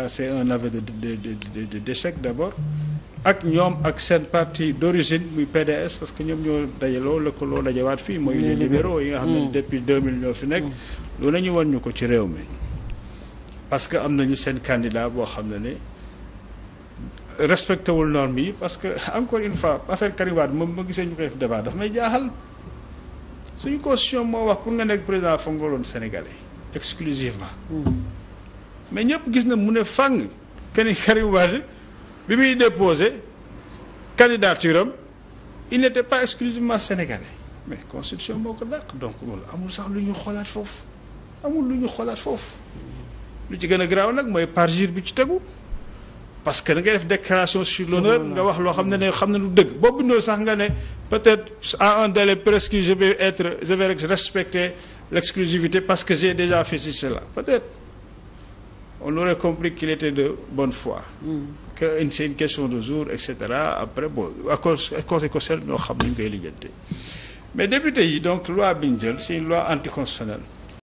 Euh, c'est un aveu de de de de d'échec d'abord ak ñoom ak seen parti d'origine muy PDS parce que ñoom ñoo dajaloo lëkkaloo dajawaat fii mooy les libéraux yi nga xam ne mm. depuis 2000 ñoo fi nekk mm. lu nañu wan ñu ko ci réew mi parce que am nañu seen candidat boo xam ne ne respecté wul normes yi parce que encore une fois affaire Karim moom ma gisee ñu koy def débat daf may jaaxal suñu constitution moo wax pour nga nekk président foog nga doon sénégalais mais ñëpp gis na mu ne fàng kenn Karim Wade bi muy déposé candidature am il n'était pas exclusivement sénégalais mais constitution moo ko dàq donc loolu amul sax lu ñu xoolaat foofu amul lu ñu xoolaat foofu lu ci gën a garaaw nag mooy parjure bi ci tegu parce que da ngay def déclaration sur l'honneur nga wax loo xam ne ne xam ne lu dëgg boo bindoo sax nga ne peut-être à un délai presque je vais être je vais respecter l'exclusivité parce que j'ai déjà fait ci cela être on aurait compris qu'il était de bonne foi. Hmm. que c'est une question de jours et cetera après bon à cause à cause xam ni ñu koy lijjante mais député yi donc loi bi ñu jël c'est une loi anticonstitutionnelle.